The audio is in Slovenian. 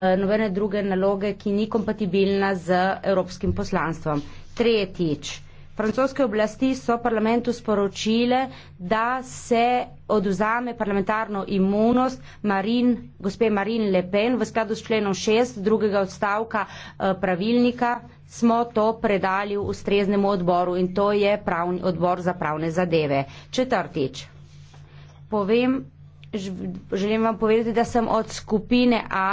Eh, nobene druge naloge, ki ni kompatibilna z evropskim poslanstvom. Tretjič, francoske oblasti so parlamentu sporočile, da se oduzame parlamentarno imunost Marin, gospe Marin Le Pen v skladu s členom 6 drugega odstavka eh, pravilnika smo to predali v ustreznemu odboru in to je pravni, odbor za pravne zadeve. Četrtič, povem, želim vam povedati, da sem od skupine A